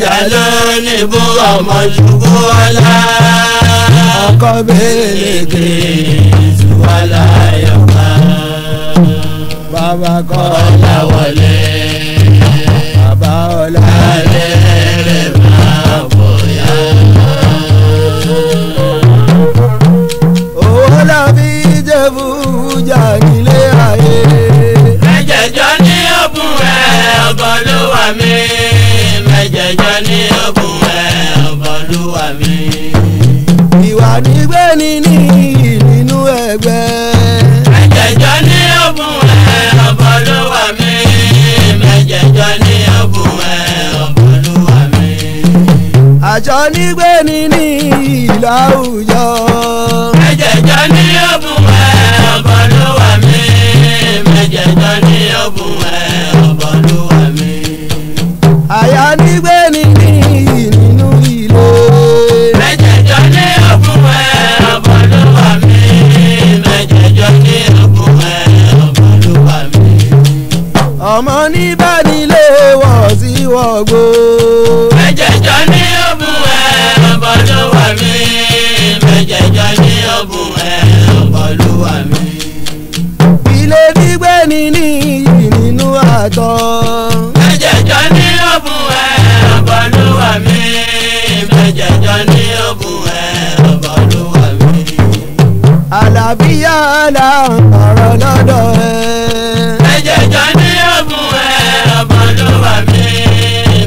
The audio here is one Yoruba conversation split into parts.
jàlónìbó ọmọ jùbó ọlá. ọkọ bèrè kè wàlá yọ̀ká. bàbá kọ́ ọ̀la wọlé. bàbá ọ̀la lẹ́ rẹ̀ máa bóyá. owó la fi jẹ́ fújà nílé ayé. ẹ̀jẹ̀ jọ ní ọ̀bùn rẹ̀ ọgọ́ ló wà mí jẹjọ ní òkun ẹ̀ ọ̀bọ̀lúwa mi. ìwà nígbẹ́ ni ní nínú ẹgbẹ́. ẹjẹjọ ní òkun ẹ̀ ọ̀bọ̀lúwa mi. ẹjẹjọ ní òkun ẹ̀ ọ̀bọ̀lúwa mi. àjọ nígbẹ́ ni ní ìlà òòjọ́. ẹjẹjọ ní òkun ẹ̀ ọ̀bọ̀lúwa mi. ẹjẹjọ ní òkun ẹ̀. nígbẹ́ ni. là ń sọ̀rọ̀ lọ́dọ̀ ẹ. mẹ́jẹ̀jọ ní ògùn ẹ ọmọ ló wà mí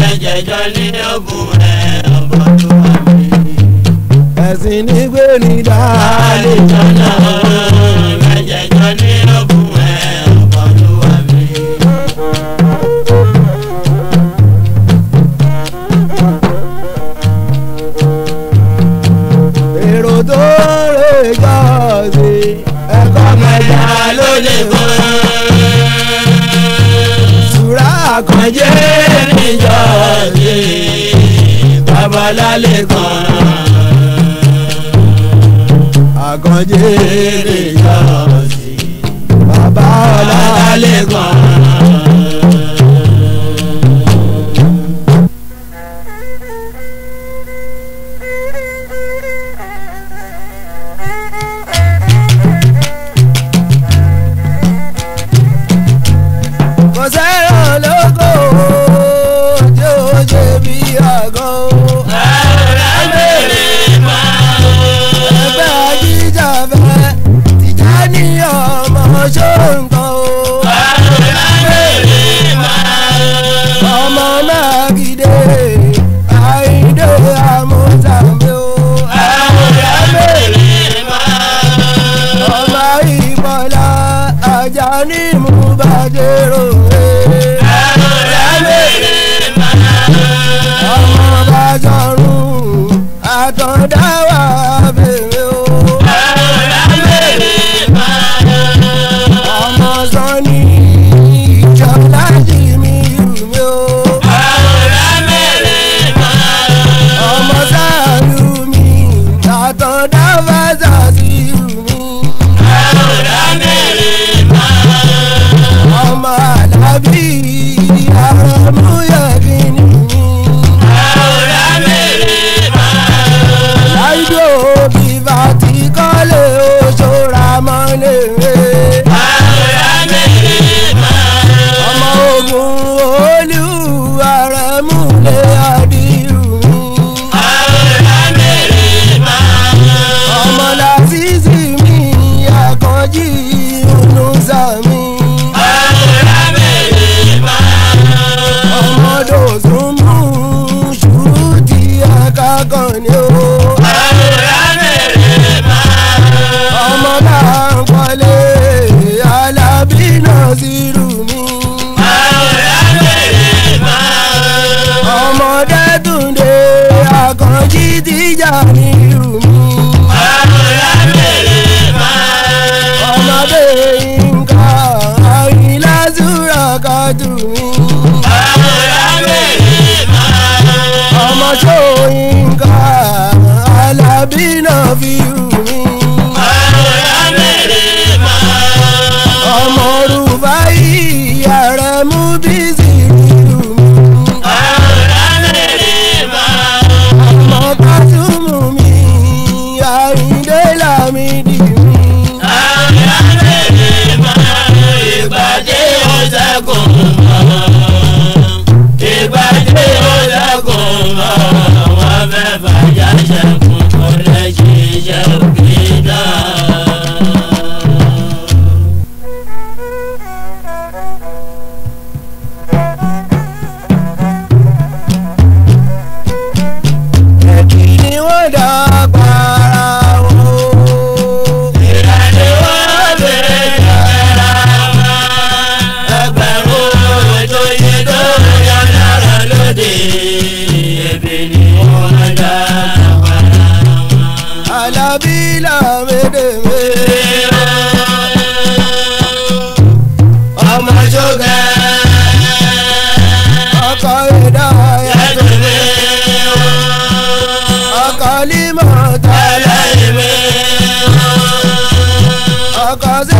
mẹ́jẹ̀jọ ní ògùn ẹ ọmọ ló wà mí. ẹ̀sìn nígbè ní dáa lè jọ náà. bàbá lálẹ́ kan. àkànjẹ́ èrè yọ̀ sí bàbá ọ̀la lálẹ́ kan. ọ̀dà fásitì. cause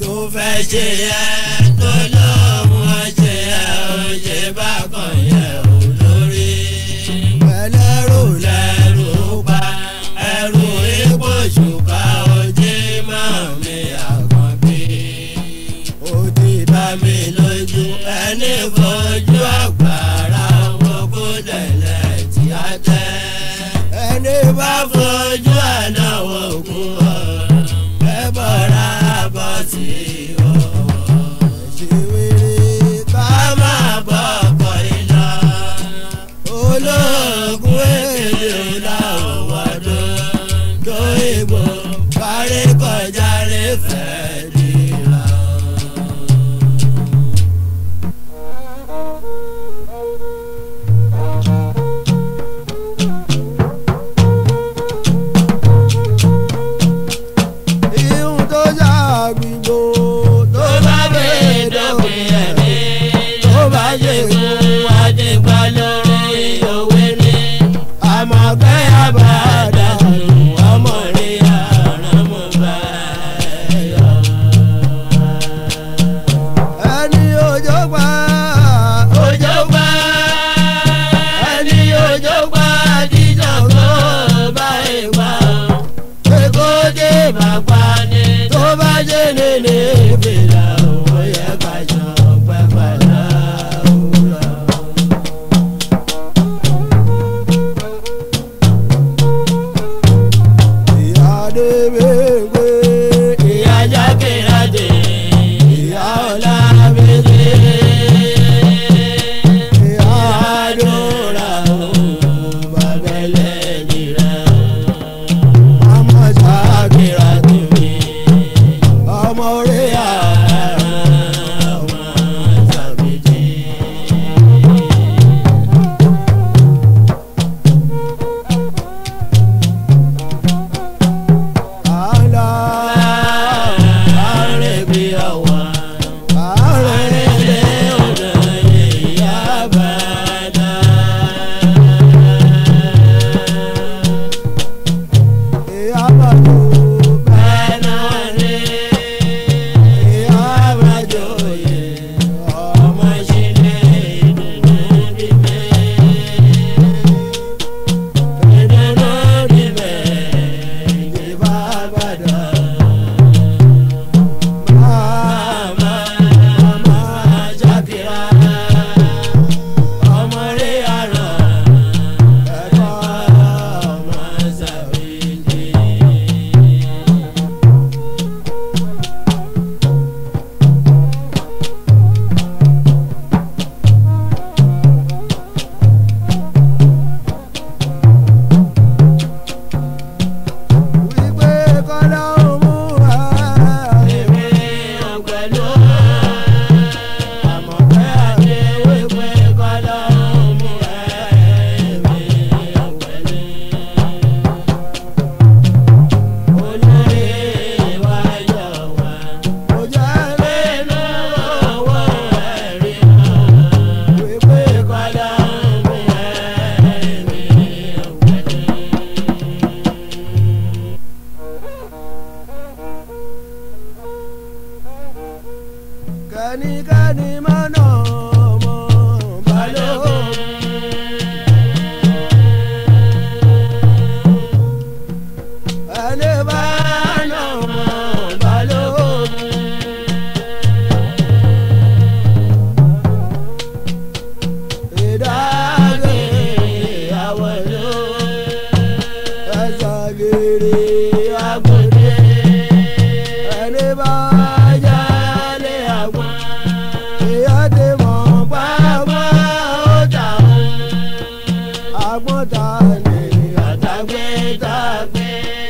tó fẹ́ ṣe yẹn. animal.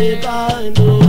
divine.